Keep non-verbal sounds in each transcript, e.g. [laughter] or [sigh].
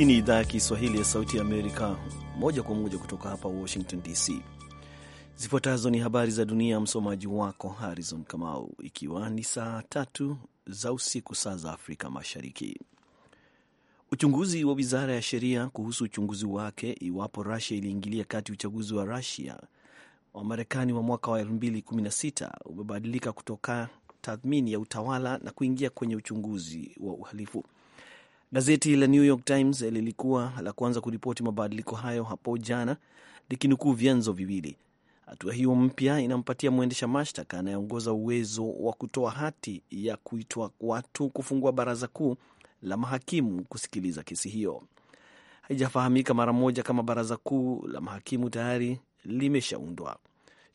Hii ni idhaa ya Kiswahili ya Sauti ya Amerika, moja kwa moja kutoka hapa Washington DC. Zifuatazo ni habari za dunia, msomaji wako Harrison Kamau, ikiwa ni saa tatu za usiku saa za Afrika Mashariki. Uchunguzi wa wizara ya sheria kuhusu uchunguzi wake iwapo Rusia iliingilia kati uchaguzi wa Rusia wa Marekani wa mwaka wa 2016 umebadilika kutoka tathmini ya utawala na kuingia kwenye uchunguzi wa uhalifu. Gazeti la New York Times eh, lilikuwa la kwanza kuripoti mabadiliko hayo hapo jana, likinukuu vyanzo viwili. Hatua hiyo mpya inampatia mwendesha mashtaka anayeongoza uwezo wa kutoa hati ya kuitwa watu kufungua baraza kuu la mahakimu kusikiliza kesi hiyo. Haijafahamika mara moja kama baraza kuu la mahakimu tayari limeshaundwa.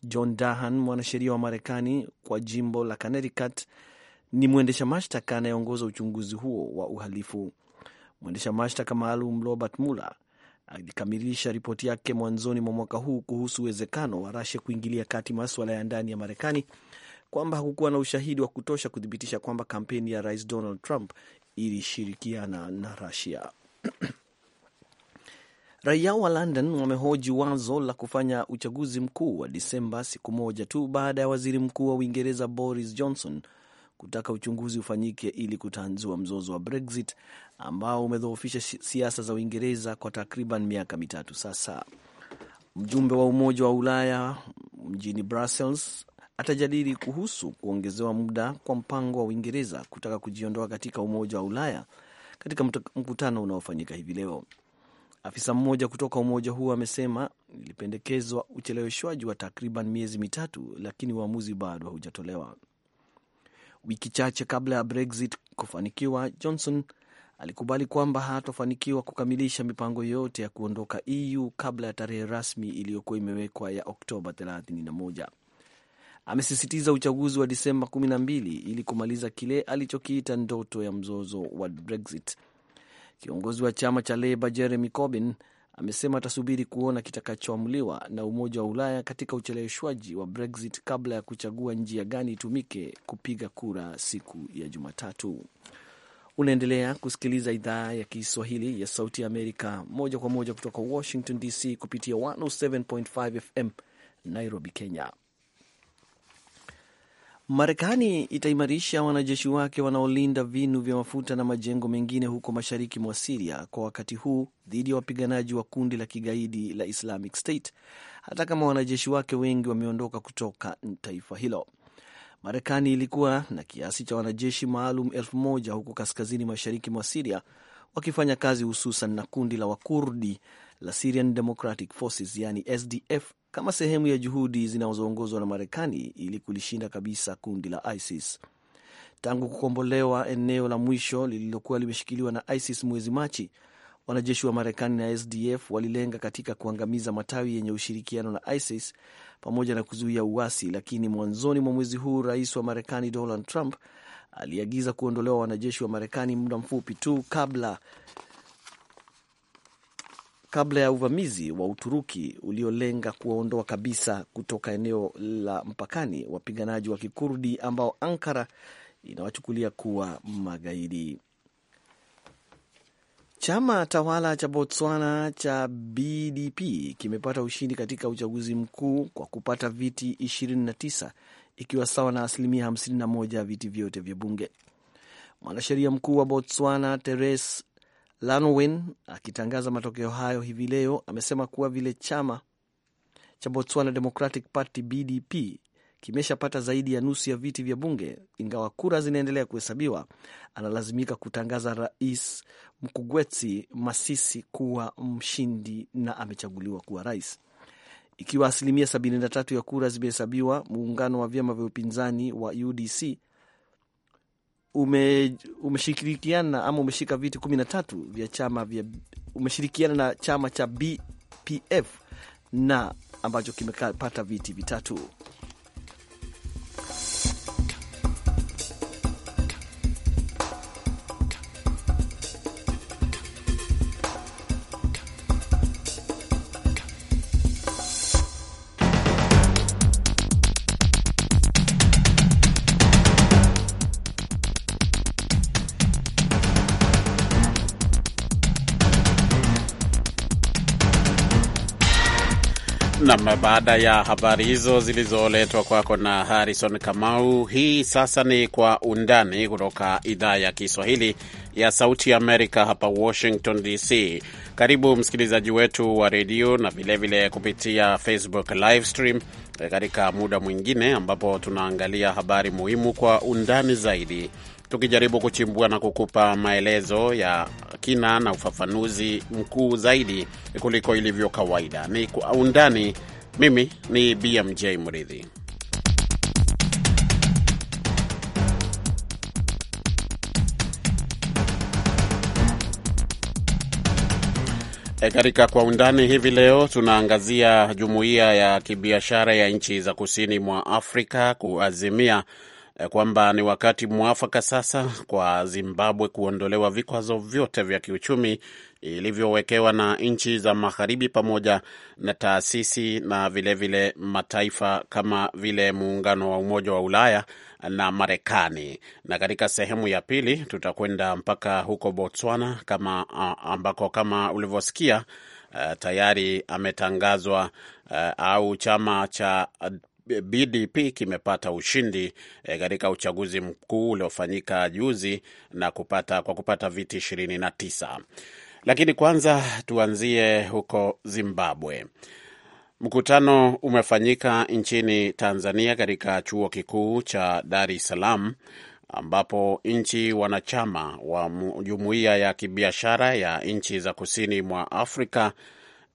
John Dahan, mwanasheria wa Marekani kwa jimbo la Connecticut, ni mwendesha mashtaka anayeongoza uchunguzi huo wa uhalifu Mwendesha mashtaka maalum Robert Mueller alikamilisha ripoti yake mwanzoni mwa mwaka huu kuhusu uwezekano wa Russia kuingilia kati maswala ya ndani ya Marekani, kwamba hakukuwa na ushahidi wa kutosha kuthibitisha kwamba kampeni ya Rais Donald Trump ilishirikiana na Russia. [clears throat] Raia wa London wamehoji wazo la kufanya uchaguzi mkuu wa Disemba siku moja tu baada ya waziri mkuu wa Uingereza Boris Johnson kutaka uchunguzi ufanyike ili kutanzua mzozo wa Brexit ambao umedhoofisha siasa za Uingereza kwa takriban miaka mitatu sasa. Mjumbe wa Umoja wa Ulaya mjini Brussels atajadili kuhusu kuongezewa muda kwa mpango wa Uingereza kutaka kujiondoa katika Umoja wa Ulaya katika mkutano unaofanyika hivi leo. Afisa mmoja kutoka umoja huo amesema ilipendekezwa ucheleweshwaji wa takriban miezi mitatu, lakini uamuzi bado haujatolewa. Wiki chache kabla ya Brexit kufanikiwa, Johnson alikubali kwamba hatofanikiwa kukamilisha mipango yote ya kuondoka EU kabla ya tarehe rasmi iliyokuwa imewekwa ya Oktoba 31. Amesisitiza uchaguzi wa Disemba 12 ili kumaliza kile alichokiita ndoto ya mzozo wa Brexit. Kiongozi wa chama cha Leba Jeremy Corbyn amesema atasubiri kuona kitakachoamliwa na Umoja wa Ulaya katika ucheleweshwaji wa Brexit kabla ya kuchagua njia gani itumike kupiga kura siku ya Jumatatu. Unaendelea kusikiliza idhaa ya Kiswahili ya Sauti ya Amerika moja kwa moja kutoka Washington DC kupitia 107.5 FM Nairobi, Kenya. Marekani itaimarisha wanajeshi wake wanaolinda vinu vya mafuta na majengo mengine huko mashariki mwa Siria kwa wakati huu dhidi ya wapiganaji wa kundi la kigaidi la Islamic State, hata kama wanajeshi wake wengi wameondoka kutoka taifa hilo. Marekani ilikuwa na kiasi cha wanajeshi maalum elfu moja huko kaskazini mashariki mwa Siria wakifanya kazi hususan na kundi la Wakurdi la Syrian Democratic Forces, yani SDF kama sehemu ya juhudi zinazoongozwa na Marekani ili kulishinda kabisa kundi la ISIS. Tangu kukombolewa eneo la mwisho lililokuwa limeshikiliwa na ISIS mwezi Machi, wanajeshi wa Marekani na SDF walilenga katika kuangamiza matawi yenye ushirikiano na ISIS pamoja na kuzuia uasi. Lakini mwanzoni mwa mwezi huu, rais wa Marekani Donald Trump aliagiza kuondolewa wanajeshi wa Marekani muda mfupi tu kabla kabla ya uvamizi wa Uturuki uliolenga kuwaondoa kabisa kutoka eneo la mpakani wapiganaji wa Kikurdi ambao Ankara inawachukulia kuwa magaidi. Chama tawala cha Botswana cha BDP kimepata ushindi katika uchaguzi mkuu kwa kupata viti 29 ikiwa sawa na asilimia 51 ya viti vyote vya bunge. Mwanasheria mkuu wa Botswana Teres Lanwin akitangaza matokeo hayo hivi leo amesema kuwa vile chama cha Botswana Democratic Party BDP kimeshapata zaidi ya nusu ya viti vya bunge, ingawa kura zinaendelea kuhesabiwa, analazimika kutangaza Rais mkugwetsi Masisi kuwa mshindi na amechaguliwa kuwa rais. Ikiwa asilimia 73 ya kura zimehesabiwa, muungano wa vyama vya upinzani wa UDC ume, umeshirikiana ama umeshika viti kumi na tatu vya chama vya, umeshirikiana na chama cha BPF na ambacho kimepata viti vitatu. Baada ya habari hizo zilizoletwa kwako na Harrison Kamau, hii sasa ni Kwa Undani kutoka idhaa ya Kiswahili ya Sauti Amerika hapa Washington DC. Karibu msikilizaji wetu wa redio na vilevile kupitia Facebook live stream eh, katika muda mwingine ambapo tunaangalia habari muhimu kwa undani zaidi, tukijaribu kuchimbua na kukupa maelezo ya kina na ufafanuzi mkuu zaidi kuliko ilivyo kawaida. Ni Kwa Undani. Mimi ni BMJ Mridhi. E, katika kwa undani hivi leo tunaangazia jumuiya ya kibiashara ya nchi za kusini mwa Afrika kuazimia Eh, kwamba ni wakati mwafaka sasa kwa Zimbabwe kuondolewa vikwazo vyote vya kiuchumi ilivyowekewa na nchi za magharibi pamoja na taasisi na vilevile vile mataifa kama vile muungano wa Umoja wa Ulaya na Marekani. Na katika sehemu ya pili tutakwenda mpaka huko Botswana kama ambako kama ulivyosikia Uh, tayari ametangazwa uh, au chama cha Eh, BDP kimepata ushindi eh, katika e, uchaguzi mkuu uliofanyika juzi na kupata, kwa kupata viti 29. Lakini kwanza tuanzie huko Zimbabwe. Mkutano umefanyika nchini Tanzania katika chuo kikuu cha Dar es Salaam ambapo nchi wanachama wa jumuiya ya kibiashara ya nchi za kusini mwa Afrika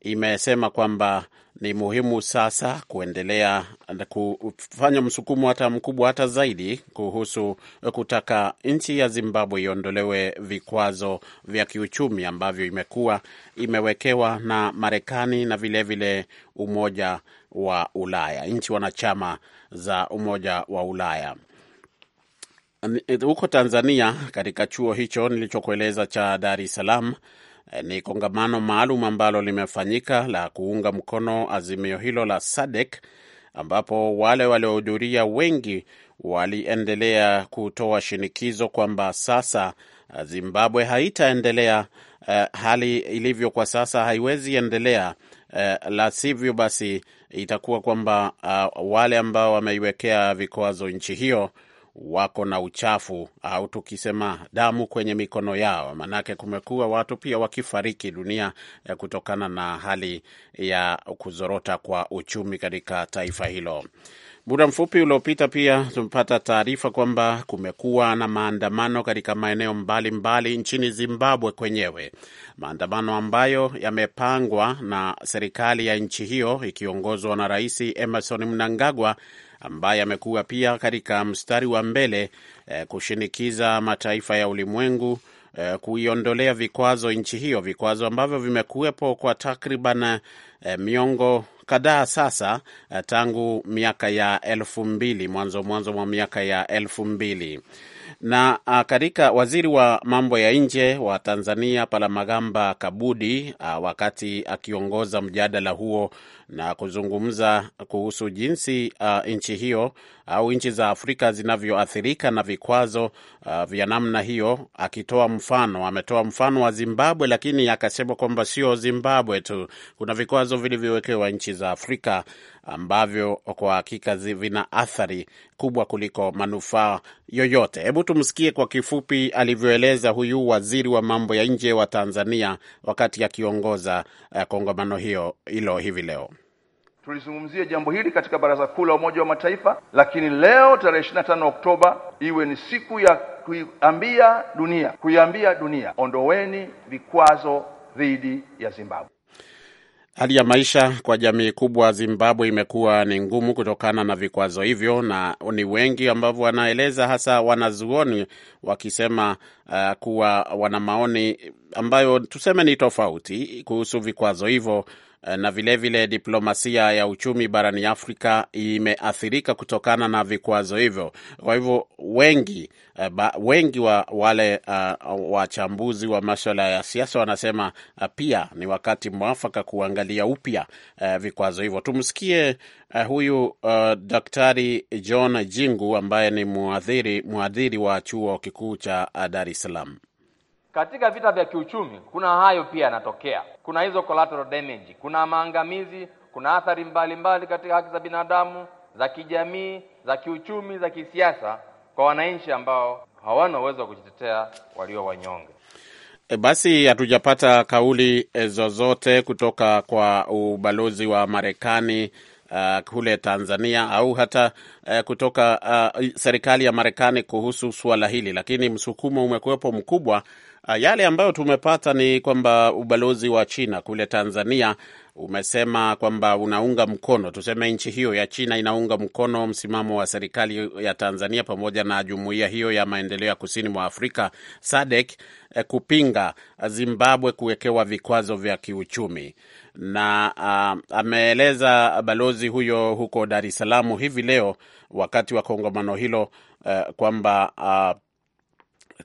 imesema kwamba ni muhimu sasa kuendelea kufanya msukumo hata mkubwa hata zaidi kuhusu kutaka nchi ya Zimbabwe iondolewe vikwazo vya kiuchumi ambavyo imekuwa imewekewa na Marekani na vilevile vile Umoja wa Ulaya, nchi wanachama za Umoja wa Ulaya. Huko Tanzania, katika chuo hicho nilichokueleza cha Dar es Salaam Eh, ni kongamano maalum ambalo limefanyika la kuunga mkono azimio hilo la SADC ambapo wale waliohudhuria wengi waliendelea kutoa shinikizo kwamba sasa eh, Zimbabwe haitaendelea uh, hali ilivyo kwa sasa haiwezi endelea uh, la sivyo basi itakuwa kwamba uh, wale ambao wameiwekea vikwazo nchi hiyo wako na uchafu au tukisema damu kwenye mikono yao, manake kumekuwa watu pia wakifariki dunia eh, kutokana na hali ya kuzorota kwa uchumi katika taifa hilo. Muda mfupi uliopita pia tumepata taarifa kwamba kumekuwa na maandamano katika maeneo mbalimbali mbali nchini Zimbabwe kwenyewe, maandamano ambayo yamepangwa na serikali ya nchi hiyo ikiongozwa na Rais Emerson Mnangagwa ambaye amekuwa pia katika mstari wa mbele eh, kushinikiza mataifa ya ulimwengu eh, kuiondolea vikwazo nchi hiyo, vikwazo ambavyo vimekuwepo kwa takriban eh, miongo kadhaa sasa eh, tangu miaka ya elfu mbili mwanzo mwanzo mwa miaka ya elfu mbili. Na ah, katika waziri wa mambo ya nje wa Tanzania Palamagamba Kabudi a, ah, wakati akiongoza mjadala huo na kuzungumza kuhusu jinsi ah, nchi hiyo au nchi za Afrika zinavyoathirika na vikwazo vya namna hiyo, akitoa mfano, ametoa mfano wa Zimbabwe, lakini akasema kwamba sio Zimbabwe tu, kuna vikwazo vilivyowekewa nchi za Afrika ambavyo kwa hakika vina athari kubwa kuliko manufaa yoyote. Hebu tumsikie kwa kifupi alivyoeleza huyu waziri wa mambo ya nje wa Tanzania wakati akiongoza uh, kongamano hiyo hilo hivi leo. Tulizungumzia jambo hili katika Baraza Kuu la Umoja wa Mataifa, lakini leo tarehe 25 Oktoba iwe ni siku ya kuiambia dunia, kuiambia dunia, ondoweni vikwazo dhidi ya Zimbabwe. Hali ya maisha kwa jamii kubwa Zimbabwe imekuwa ni ngumu kutokana na vikwazo hivyo, na ni wengi ambavyo wanaeleza, hasa wanazuoni wakisema uh, kuwa wana maoni ambayo tuseme ni tofauti kuhusu vikwazo hivyo Eh, na vilevile vile diplomasia ya uchumi barani Afrika imeathirika kutokana na vikwazo hivyo. Kwa hivyo wengi eh, ba, wengi wa wale uh, wachambuzi wa maswala ya siasa wanasema uh, pia ni wakati mwafaka kuangalia upya uh, vikwazo hivyo. Tumsikie uh, huyu uh, Daktari John Jingu ambaye ni mwadhiri wa chuo kikuu cha Dar es Salaam. Katika vita vya kiuchumi kuna hayo pia yanatokea, kuna hizo collateral damage, kuna maangamizi, kuna athari mbalimbali mbali katika haki za binadamu, za kijamii, za kiuchumi, za kisiasa kwa wananchi ambao hawana uwezo wa kujitetea, walio wanyonge. E, basi hatujapata kauli e, zozote kutoka kwa ubalozi wa Marekani Uh, kule Tanzania au hata uh, kutoka uh, serikali ya Marekani kuhusu suala hili, lakini msukumo umekuwepo mkubwa Ah, yale ambayo tumepata ni kwamba ubalozi wa China kule Tanzania umesema kwamba unaunga mkono, tuseme nchi hiyo ya China inaunga mkono msimamo wa serikali ya Tanzania pamoja na jumuiya hiyo ya maendeleo ya kusini mwa Afrika SADC eh, kupinga Zimbabwe kuwekewa vikwazo vya kiuchumi na uh, ameeleza balozi huyo huko Dar es Salaam hivi leo wakati wa kongamano hilo uh, kwamba uh,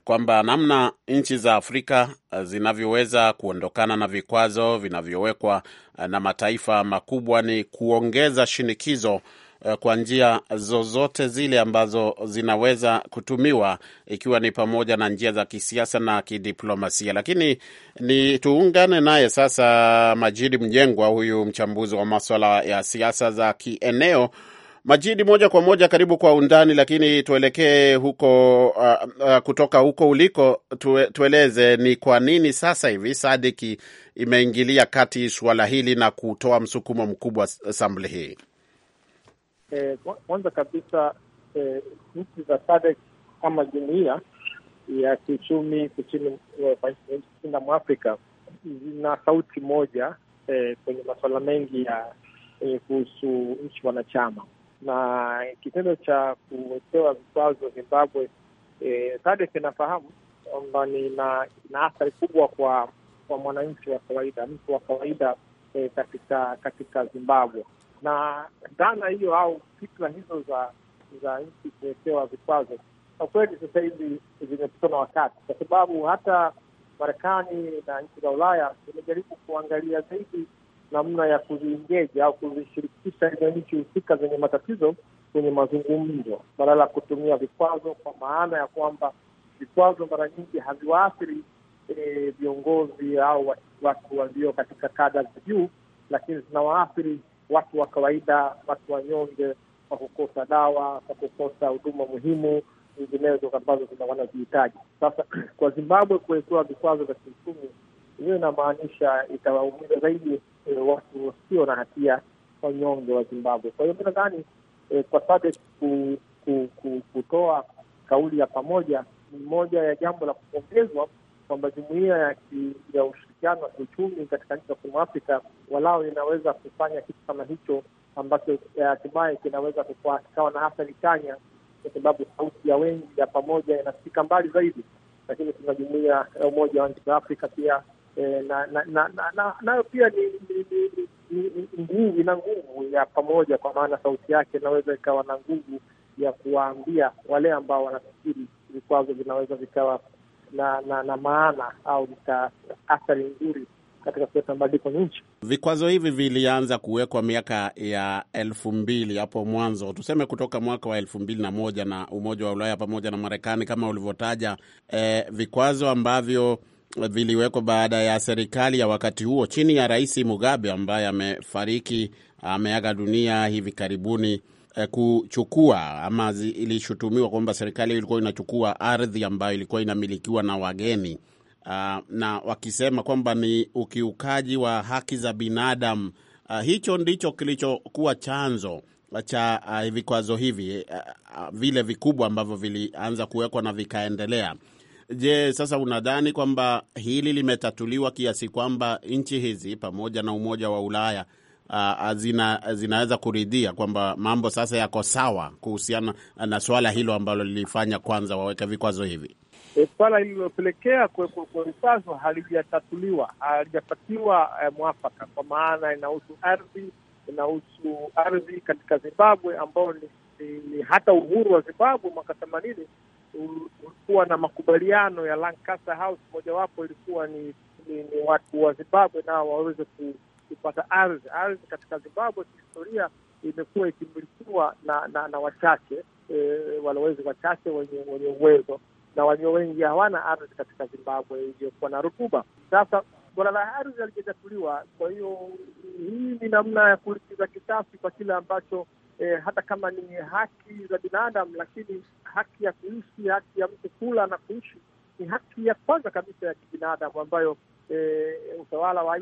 kwamba namna nchi za Afrika eh, zinavyoweza kuondokana na vikwazo vinavyowekwa eh, na mataifa makubwa ni kuongeza shinikizo eh, kwa njia zozote zile ambazo zinaweza kutumiwa ikiwa ni pamoja na njia za kisiasa na kidiplomasia. Lakini ni tuungane naye sasa Majidi Mjengwa, huyu mchambuzi wa maswala ya siasa za kieneo Majidi, moja kwa moja karibu kwa undani, lakini tuelekee huko uh, uh, kutoka huko uliko tue, tueleze ni kwa nini sasa hivi Sadiki imeingilia kati suala hili na kutoa msukumo mkubwa sambli hii. Eh, kwanza kwanza kabisa e, nchi za Sadek kama jumuia ya kiuchumi kusini eh, mwa Afrika zina sauti moja eh, kwenye masuala mengi ya kuhusu nchi wanachama na kitendo cha kuwekewa vikwazo Zimbabwe, e, eh, SADC inafahamu kwamba ina athari kubwa kwa kwa mwananchi wa kawaida, mtu wa kawaida e, katika katika Zimbabwe. Na dhana hiyo au fikra hizo za za nchi kuwekewa vikwazo kwa kweli sasa hivi zimepitwa na wakati, kwa sababu hata Marekani na nchi za Ulaya zimejaribu kuangalia zaidi namna ya kuziingeja au kuzishirikisha hizo nchi husika zenye matatizo kwenye mazungumzo, badala ya kutumia vikwazo, kwa maana ya kwamba vikwazo mara nyingi haviwaathiri e, viongozi e, au watu walio katika kada za juu, lakini zinawaathiri watu wa kawaida, watu wanyonge, kwa kukosa dawa, kwa kukosa huduma muhimu nyinginezo ambazo wanazihitaji. Sasa [clears throat] kwa Zimbabwe kuwekewa vikwazo vya kiuchumi, hiyo inamaanisha itawaumiza zaidi eh, watu wasio na hatia wanyonge wa Zimbabwe. Kwa hiyo mi nadhani eh, kwa SADC ku, ku, ku, kutoa kauli ya pamoja ni moja ya jambo la kupongezwa kwamba jumuia ya, ya ushirikiano wa kiuchumi katika nchi za kusini Afrika walao inaweza kufanya kitu kama hicho ambacho eh, hatimaye kinaweza kikawa na athari chanya, kwa sababu sauti ya wengi ya pamoja inafika mbali zaidi. Lakini kuna jumuia ya Umoja wa nchi za Afrika pia Eh, na na na nayo pia ni nguvu, ina nguvu ya pamoja, kwa maana sauti yake inaweza ikawa na nguvu ya kuwaambia wale ambao wanafikiri vikwazo vinaweza vikawa na, na, na maana au vika athari nzuri katika kuleta mabadiliko kwenye nchi. Vikwazo hivi vilianza kuwekwa miaka ya elfu mbili hapo mwanzo, tuseme kutoka mwaka wa elfu mbili na moja na Umoja wa Ulaya pamoja na Marekani kama ulivyotaja, eh, vikwazo ambavyo viliwekwa baada ya serikali ya wakati huo chini ya Rais Mugabe ambaye amefariki, ameaga dunia hivi karibuni eh, kuchukua ama ilishutumiwa kwamba serikali ilikuwa inachukua ardhi ambayo ilikuwa inamilikiwa na wageni uh, na wakisema kwamba ni ukiukaji wa haki za binadamu. Uh, hicho ndicho kilichokuwa chanzo cha uh, vikwazo hivi uh, uh, vile vikubwa ambavyo vilianza kuwekwa na vikaendelea. Je, sasa unadhani kwamba hili limetatuliwa kiasi kwamba nchi hizi pamoja na Umoja wa Ulaya zina, zinaweza kuridhia kwamba mambo sasa yako sawa kuhusiana na swala hilo ambalo lilifanya kwanza waweke vikwazo hivi. E, swala lililopelekea kuwekwa vikwazo halijatatuliwa, halijapatiwa eh, mwafaka, kwa maana inahusu ardhi, inahusu ardhi katika Zimbabwe ambao ni, ni, ni hata uhuru wa Zimbabwe mwaka themanini ulikuwa na makubaliano ya Lancaster House, mojawapo ilikuwa ni, ni, ni watu wa Zimbabwe nao waweze kupata ardhi. Ardhi katika Zimbabwe kihistoria imekuwa ikimilikiwa na, na, na wachache e, walowezi wachache wenye, wenye uwezo na walio wengi hawana ardhi katika Zimbabwe iliyokuwa na rutuba. Sasa suala la ardhi halijatatuliwa, kwa hiyo hii ni namna ya kulipiza kisasi kwa kile ambacho eh, hata kama ni haki za binadamu, lakini haki ya kuishi, haki ya mtu kula na kuishi ni haki ya kwanza kabisa ya kibinadamu ambayo eh, utawala wa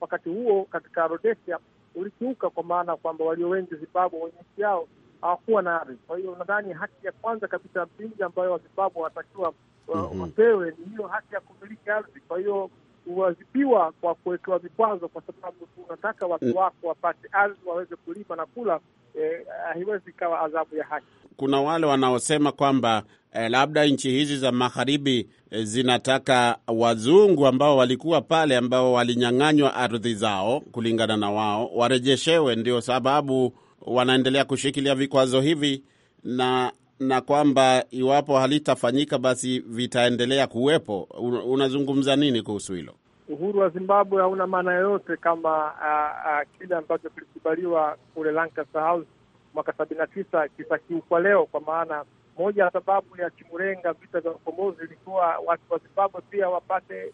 wakati huo katika Rhodesia ulikiuka, kwa maana kwamba walio wengi Zimbabwe wenye nchi yao hawakuwa na ardhi. Kwa hiyo nadhani haki ya kwanza kabisa ya msingi ambayo Wazimbabwe wanatakiwa wapewe mm -hmm. ni hiyo haki ya kumiliki ardhi. Kwa hiyo huadhibiwa kwa kuwekewa vikwazo, kwa sababu unataka watu mm. wako wapate ardhi waweze kulima na kula. Eh, haiwezi eh, ikawa adhabu ya haki. Kuna wale wanaosema kwamba eh, labda nchi hizi za magharibi eh, zinataka wazungu ambao walikuwa pale ambao walinyang'anywa ardhi zao kulingana na wao warejeshewe, ndio sababu wanaendelea kushikilia vikwazo hivi na na kwamba iwapo halitafanyika basi vitaendelea kuwepo. Unazungumza nini kuhusu hilo? Uhuru wa Zimbabwe hauna maana yoyote kama kile ambacho kilikubaliwa kule Lancaster House mwaka sabini na tisa kitakiukwa leo, kwa maana moja ya sababu ya Chimurenga, vita vya ukombozi, ilikuwa watu wa Zimbabwe pia wapate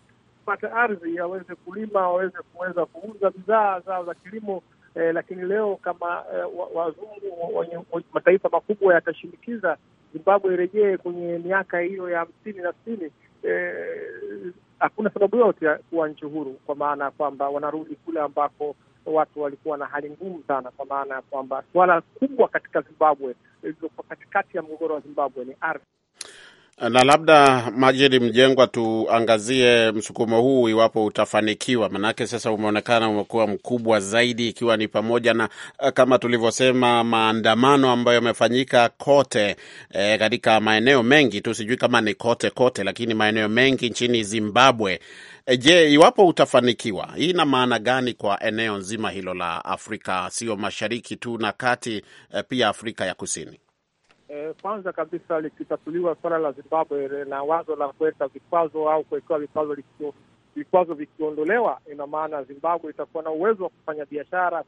ardhi, waweze kulima, waweze kuweza kuuza bidhaa zao za kilimo eh, lakini leo kama eh, wazungu wenye mataifa makubwa yatashinikiza Zimbabwe irejee kwenye miaka hiyo ya hamsini na sitini eh, hakuna eh, sababu yote ya kuwa nchi huru, kwa maana ya kwamba wanarudi kule ambako watu walikuwa na hali ngumu sana, kwa maana ya kwamba suala kubwa katika Zimbabwe lililokuwa eh, katikati ya mgogoro wa Zimbabwe ni ardhi. Na labda Majid Mjengwa, tuangazie msukumo huu iwapo utafanikiwa, manake sasa umeonekana umekuwa mkubwa zaidi, ikiwa ni pamoja na eh, kama tulivyosema maandamano ambayo yamefanyika kote e, katika maeneo mengi tu, sijui kama ni kote kote, lakini maeneo mengi nchini Zimbabwe. E, je, iwapo utafanikiwa, hii ina maana gani kwa eneo nzima hilo la Afrika, sio mashariki tu na kati, e, pia Afrika ya Kusini? eh, kwanza kabisa likitatuliwa suala la Zimbabwe eh, na wazo la kuweka vikwazo au kuwekewa vikwazo vikwazo vikiondolewa, ina maana Zimbabwe itakuwa na uwezo wa kufanya biashara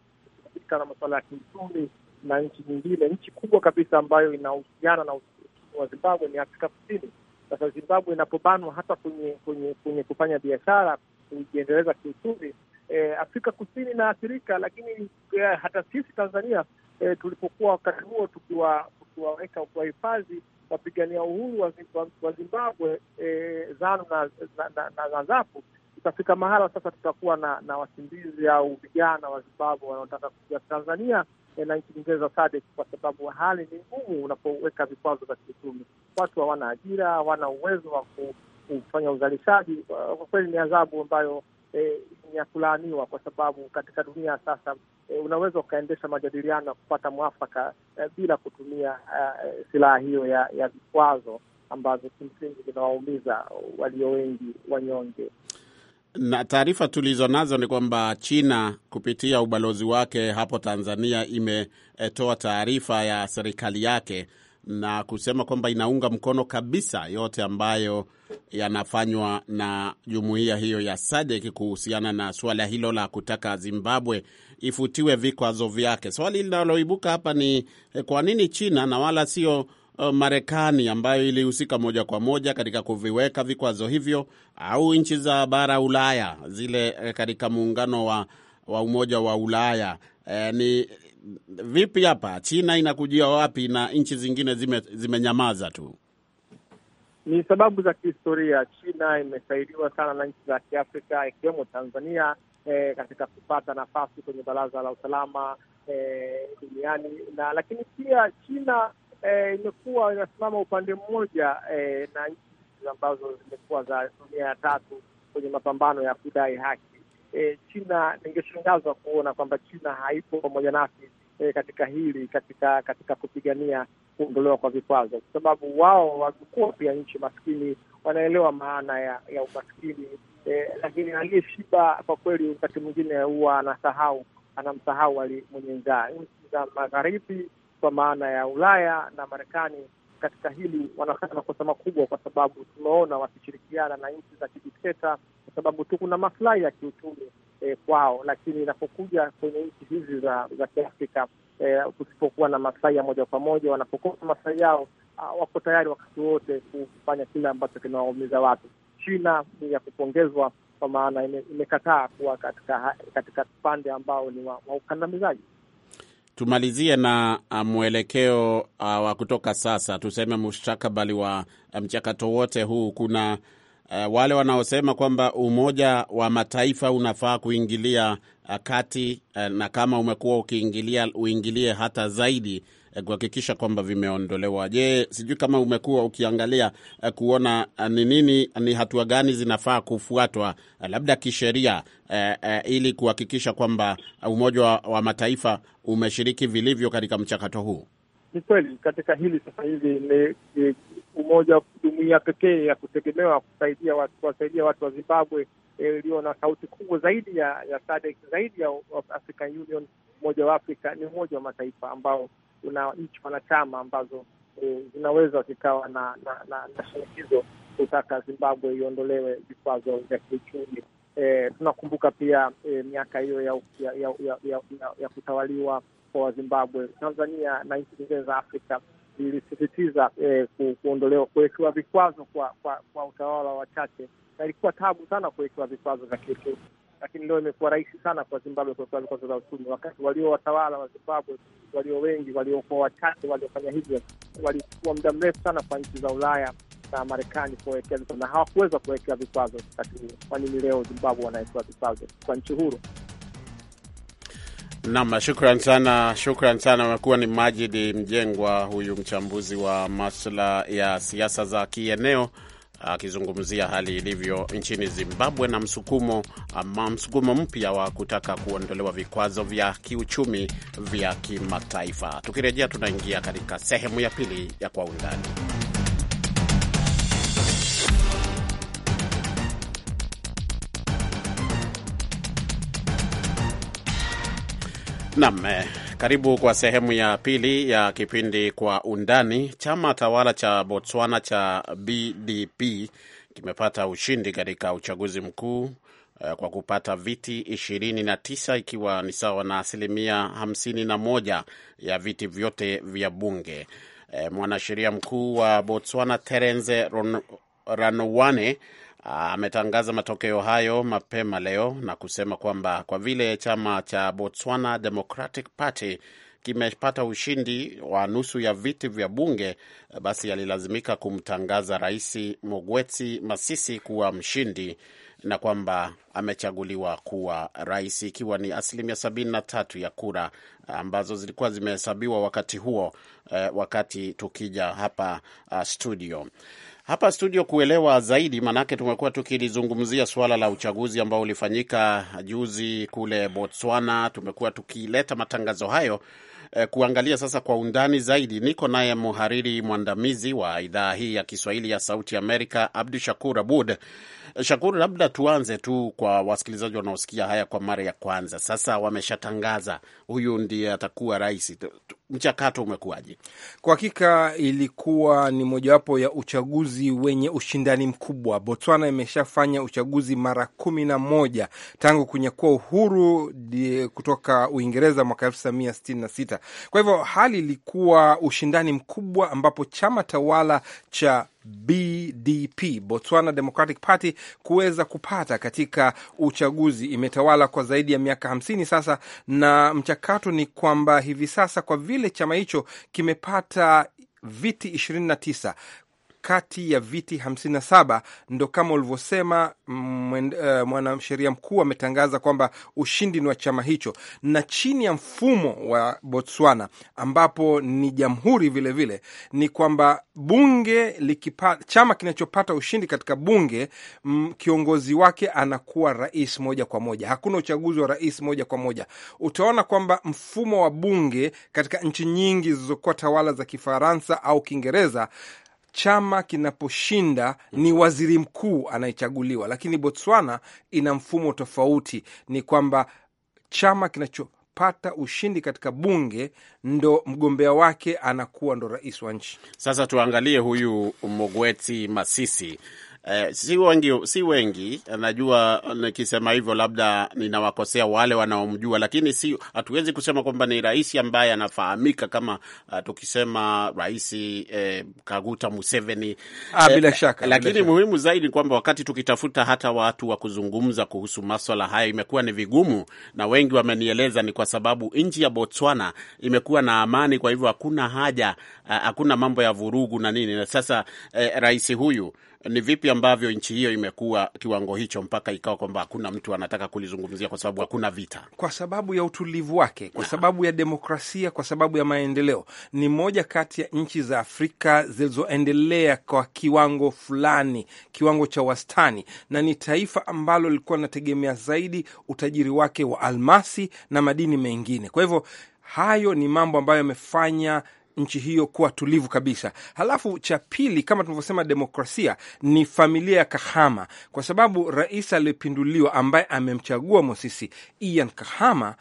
ika na masuala ya kiuchumi na nchi nyingine. Nchi kubwa kabisa ambayo inahusiana na uchumi wa Zimbabwe ni Afrika Kusini. Sasa Zimbabwe inapobanwa hata kwenye kwenye kwenye kufanya biashara, kujiendeleza kiuchumi, eh, Afrika Kusini inaathirika, lakini eh, hata sisi Tanzania eh, tulipokuwa wakati huo tukiwa kuwaweka hifadhi wapigania uhuru wa, Zimbabwe e, ZANU na, na, na, na, na ZAPU, tutafika mahala sasa tutakuwa na, na wakimbizi au vijana wa Zimbabwe wanaotaka kuja Tanzania e, na nchi nyingine za SADC kwa sababu hali ni ngumu unapoweka vikwazo vya kiuchumi. Watu hawana ajira, hawana uwezo wa kufanya uzalishaji. Kwa kweli ni adhabu ambayo e, ni ya kulaaniwa, kwa sababu katika dunia sasa e, unaweza ukaendesha majadiliano ya kupata mwafaka e, bila kutumia e, silaha hiyo ya, ya vikwazo ambazo kimsingi zinawaumiza walio wengi wanyonge. Na taarifa tulizo nazo ni kwamba China kupitia ubalozi wake hapo Tanzania imetoa taarifa ya serikali yake na kusema kwamba inaunga mkono kabisa yote ambayo yanafanywa na jumuiya hiyo ya SADC kuhusiana na suala hilo la kutaka Zimbabwe ifutiwe vikwazo vyake. Swali linaloibuka hapa ni eh, kwa nini China na wala sio eh, Marekani ambayo ilihusika moja kwa moja katika kuviweka vikwazo hivyo au nchi za bara Ulaya zile eh, katika muungano wa, wa umoja wa Ulaya. E, ni vipi hapa China inakujia wapi na nchi zingine zime, zimenyamaza tu? Ni sababu za kihistoria. China imesaidiwa sana na nchi za Kiafrika ikiwemo Tanzania eh, katika kupata nafasi kwenye baraza la usalama eh, duniani na lakini pia China eh, imekuwa inasimama upande mmoja eh, na nchi ambazo zimekuwa za dunia ya tatu kwenye mapambano ya kudai haki e, China ningeshangazwa kuona kwamba China haipo pamoja nasi e, katika hili katika katika kupigania kuondolewa kwa vikwazo, kwa sababu wao wamekuwa pia nchi maskini, wanaelewa maana ya, ya umaskini e, lakini aliyeshiba kwa kweli wakati mwingine huwa anasahau anamsahau ali mwenye njaa. Nchi za magharibi kwa maana ya Ulaya na Marekani katika hili wanafanya makosa makubwa, kwa sababu tumeona wakishirikiana na nchi za kidikteta, kwa sababu tu kuna maslahi ya kiuchumi eh, kwao. Lakini inapokuja kwenye nchi hizi za za Kiafrika eh, kusipokuwa na maslahi ya moja kwa moja, wanapokosa maslahi yao ah, wako tayari wakati wote kufanya kile ambacho kinawaumiza watu. China ni ya kupongezwa kwa maana imekataa kuwa katika katika upande ambao ni wa ukandamizaji. Tumalizie na uh, mwelekeo uh, wa kutoka sasa, tuseme mustakabali wa uh, mchakato wote huu. Kuna uh, wale wanaosema kwamba Umoja wa Mataifa unafaa kuingilia uh, kati uh, na kama umekuwa ukiingilia uingilie hata zaidi Eh, kuhakikisha kwamba vimeondolewa. Je, sijui kama umekuwa ukiangalia eh, kuona eh, ni nini, ni hatua gani zinafaa kufuatwa labda kisheria ili kuhakikisha kwamba Umoja wa Mataifa umeshiriki vilivyo katika mchakato huu? Ni kweli katika hili sasa hivi ni umoja jumuia pekee ya kutegemewa kusaidia watu, kuwasaidia watu wa Zimbabwe iliyo na sauti kubwa zaidi ya ya SADC, zaidi ya African Union, Umoja wa Afrika ni Umoja wa Mataifa ambao kuna nchi wanachama ambazo e, zinaweza zikawa na, na, na, na shinikizo kutaka Zimbabwe iondolewe vikwazo vya kiuchumi. E, tunakumbuka pia e, miaka hiyo ya, ya, ya, ya, ya, ya kutawaliwa kwa Wazimbabwe. Tanzania na nchi zingine za Afrika zilisisitiza e, ku, kuondolewa kuwekewa vikwazo kwa, kwa, kwa utawala wachache, na ilikuwa tabu sana kuwekewa vikwazo vya kiuchumi lakini leo imekuwa rahisi sana kwa Zimbabwe kuwekewa vikwazo vya uchumi, wakati watawala wa Zimbabwe walio wengi, waliokuwa wachache waliofanya hivyo, walichukua muda mrefu sana kwa nchi za Ulaya na Marekani kuwawekea vikwazo, na hawakuweza kuwawekea vikwazo lakini, kwanini leo Zimbabwe wanawekewa vikwazo kwa nchi huru. Nam, shukran sana, shukran sana. Amekuwa ni Majidi Mjengwa, huyu mchambuzi wa masuala ya siasa za kieneo akizungumzia hali ilivyo nchini Zimbabwe na msukumo ama msukumo mpya wa kutaka kuondolewa vikwazo vya kiuchumi vya kimataifa. Tukirejea, tunaingia katika sehemu ya pili ya Kwa Undani. Nam, eh, karibu kwa sehemu ya pili ya kipindi Kwa Undani. Chama tawala cha Botswana cha BDP kimepata ushindi katika uchaguzi mkuu eh, kwa kupata viti 29 ikiwa ni sawa na asilimia 51 ya viti vyote vya bunge. Eh, mwanasheria mkuu wa Botswana Terence Ranowane ametangaza matokeo hayo mapema leo na kusema kwamba kwa vile chama cha Botswana Democratic Party kimepata ushindi wa nusu ya viti vya bunge, basi alilazimika kumtangaza Rais Mogwetsi Masisi kuwa mshindi na kwamba amechaguliwa kuwa rais ikiwa ni asilimia sabini na tatu ya kura ambazo zilikuwa zimehesabiwa wakati huo. Eh, wakati tukija hapa ah, studio hapa studio kuelewa zaidi, maanake tumekuwa tukilizungumzia suala la uchaguzi ambao ulifanyika juzi kule Botswana. Tumekuwa tukileta matangazo hayo eh, kuangalia sasa kwa undani zaidi. Niko naye mhariri mwandamizi wa idhaa hii ya Kiswahili ya Sauti Amerika, Abdu Shakur Abud Shakuru, labda tuanze tu kwa wasikilizaji wanaosikia haya kwa mara ya kwanza. Sasa wameshatangaza huyu ndiye atakuwa rais, mchakato umekuwaje? Kwa hakika ilikuwa ni mojawapo ya uchaguzi wenye ushindani mkubwa. Botswana imeshafanya uchaguzi mara kumi na moja tangu kunyakua uhuru kutoka Uingereza mwaka sita. Kwa hivyo hali ilikuwa ushindani mkubwa ambapo chama tawala cha BDP, Botswana Democratic Party, kuweza kupata katika uchaguzi. Imetawala kwa zaidi ya miaka hamsini sasa, na mchakato ni kwamba hivi sasa, kwa vile chama hicho kimepata viti 29 kati ya viti 57 ndo kama ulivyosema eh, mwanasheria mkuu ametangaza kwamba ushindi ni wa chama hicho, na chini ya mfumo wa Botswana ambapo ni jamhuri vilevile vile, ni kwamba bunge likipa, chama kinachopata ushindi katika bunge m, kiongozi wake anakuwa rais moja kwa moja. Hakuna uchaguzi wa rais moja kwa moja. Utaona kwamba mfumo wa bunge katika nchi nyingi zilizokuwa tawala za Kifaransa au Kiingereza chama kinaposhinda ni waziri mkuu anayechaguliwa, lakini Botswana ina mfumo tofauti, ni kwamba chama kinachopata ushindi katika bunge ndo mgombea wake anakuwa ndo rais wa nchi. Sasa tuangalie huyu Mogweti Masisi Eh, si wengi, si wengi najua. Nikisema hivyo labda ninawakosea wale wanaomjua, lakini si hatuwezi kusema kwamba ni rais ambaye anafahamika kama uh, tukisema rais eh, Kaguta Museveni ah, eh, bila shaka, lakini bila shaka. Muhimu zaidi kwamba wakati tukitafuta hata watu wa kuzungumza kuhusu maswala haya imekuwa ni vigumu, na wengi wamenieleza ni kwa sababu nchi ya Botswana imekuwa na amani, kwa hivyo hakuna haja, ah, hakuna mambo ya vurugu na nini, na sasa eh, rais huyu ni vipi ambavyo nchi hiyo imekuwa kiwango hicho mpaka ikawa kwamba hakuna mtu anataka kulizungumzia kwa sababu hakuna vita, kwa sababu ya utulivu wake, kwa sababu ya demokrasia, kwa sababu ya maendeleo. Ni moja kati ya nchi za Afrika zilizoendelea kwa kiwango fulani, kiwango cha wastani, na ni taifa ambalo lilikuwa linategemea zaidi utajiri wake wa almasi na madini mengine. Kwa hivyo hayo ni mambo ambayo yamefanya nchi hiyo kuwa tulivu kabisa. Halafu cha pili, kama tunavyosema, demokrasia ni familia ya Kahama, kwa sababu rais aliyepinduliwa ambaye amemchagua Mosisi Ian Kahama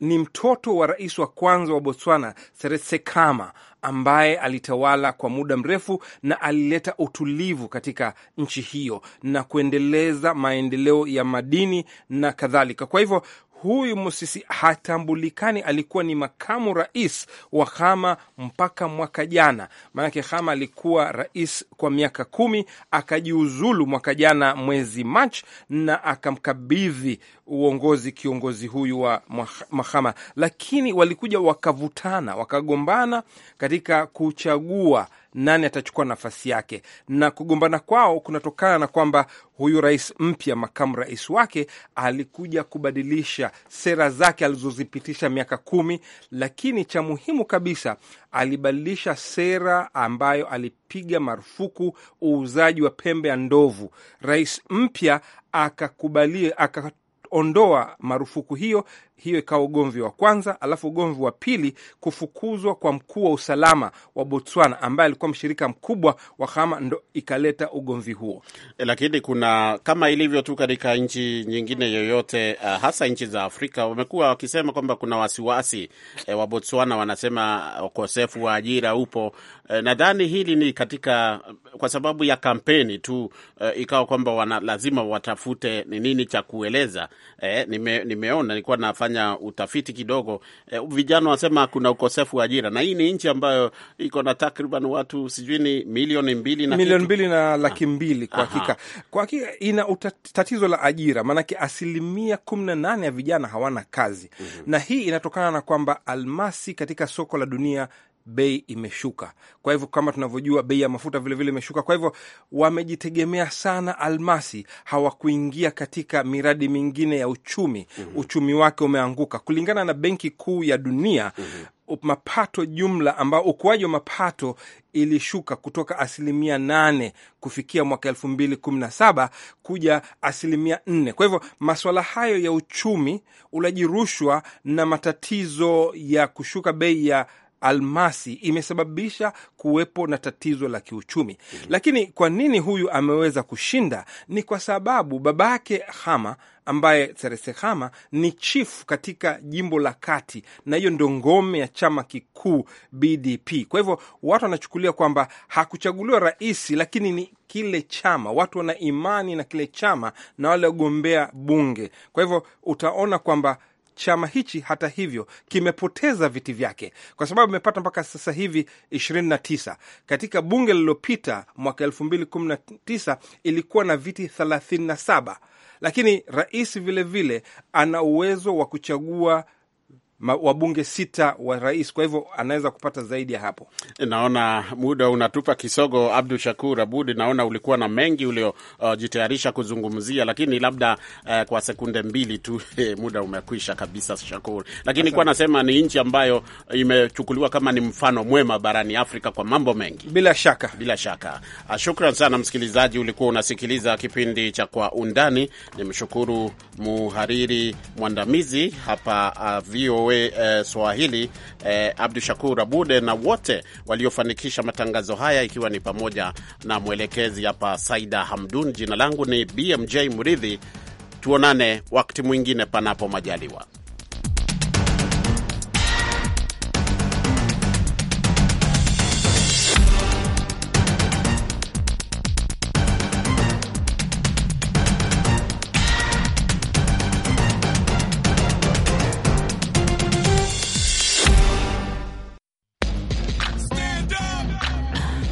ni mtoto wa rais wa kwanza wa Botswana Seretse Khama ambaye alitawala kwa muda mrefu na alileta utulivu katika nchi hiyo na kuendeleza maendeleo ya madini na kadhalika. Kwa hivyo huyu Musisi hatambulikani, alikuwa ni makamu rais wa hama mpaka mwaka jana. Maanake hama alikuwa rais kwa miaka kumi, akajiuzulu mwaka jana mwezi Machi na akamkabidhi uongozi kiongozi huyu wa Mahama, lakini walikuja wakavutana, wakagombana katika kuchagua nani atachukua nafasi yake. Na kugombana kwao kunatokana na kwamba huyu rais mpya, makamu rais wake alikuja kubadilisha sera zake alizozipitisha miaka kumi, lakini cha muhimu kabisa alibadilisha sera ambayo alipiga marufuku uuzaji wa pembe ya ndovu. Rais mpya akakubalia aka kuondoa marufuku hiyo. Hiyo ikawa ugomvi wa kwanza, alafu ugomvi wa pili, kufukuzwa kwa mkuu wa usalama wa Botswana ambaye alikuwa mshirika mkubwa wa Khama, ndo ikaleta ugomvi huo. Eh, lakini kuna kama ilivyo tu katika nchi nyingine yoyote, uh, hasa nchi za Afrika wamekuwa wakisema kwamba kuna wasiwasi eh, wa Botswana wanasema ukosefu wa ajira upo. Eh, nadhani hili ni katika kwa sababu ya kampeni tu uh, ikawa kwamba wana, lazima watafute ni nini cha kueleza. Eh, nime, nimeona nilikuwa nafanya utafiti kidogo eh, vijana wanasema kuna ukosefu wa ajira, na hii ni nchi ambayo iko na takriban watu sijui ni milioni mbili na milioni mbili na laki mbili kwa hakika, kwa hakika ina tatizo la ajira, maanake asilimia kumi na nane ya vijana hawana kazi mm -hmm. na hii inatokana na kwamba almasi katika soko la dunia bei imeshuka. Kwa hivyo kama tunavyojua, bei ya mafuta vilevile vile imeshuka. Kwa hivyo wamejitegemea sana almasi, hawakuingia katika miradi mingine ya uchumi. mm -hmm. Uchumi wake umeanguka kulingana na Benki Kuu ya Dunia. mm -hmm. Mapato jumla ambao ukuaji wa mapato ilishuka kutoka asilimia nane kufikia mwaka elfu mbili kumi na saba kuja asilimia nne. Kwa hivyo maswala hayo ya uchumi, ulaji rushwa na matatizo ya kushuka bei ya almasi imesababisha kuwepo na tatizo la kiuchumi. mm -hmm. Lakini kwa nini huyu ameweza kushinda? Ni kwa sababu babake Hama ambaye Seresehama ni chifu katika jimbo la kati, na hiyo ndo ngome ya chama kikuu BDP. Kwa hivyo watu wanachukulia kwamba hakuchaguliwa rais, lakini ni kile chama, watu wana imani na kile chama na wale wagombea bunge. Kwa hivyo utaona kwamba Chama hichi hata hivyo kimepoteza viti vyake kwa sababu imepata mpaka sasa hivi 29. Katika bunge lililopita mwaka 2019 ilikuwa na viti 37, lakini rais vilevile ana uwezo wa kuchagua wabunge sita wa rais. Kwa hivyo anaweza kupata zaidi ya hapo. Naona muda unatupa kisogo. Abdu Shakur Abud, naona ulikuwa na mengi uliojitayarisha uh, kuzungumzia, lakini labda uh, kwa sekunde mbili tu [laughs] eh, muda umekwisha kabisa, Shakur. Lakini kuwa nasema ni nchi ambayo imechukuliwa kama ni mfano mwema barani Afrika kwa mambo mengi, bila shaka, bila shaka. Uh, shukran sana msikilizaji, ulikuwa unasikiliza kipindi cha Kwa Undani. Nimshukuru muhariri mwandamizi hapa uh, ah, VOA VOA eh, Swahili eh, Abdu Shakur Abude na wote waliofanikisha matangazo haya, ikiwa ni pamoja na mwelekezi hapa Saida Hamdun. Jina langu ni BMJ Muridhi, tuonane wakati mwingine panapo majaliwa.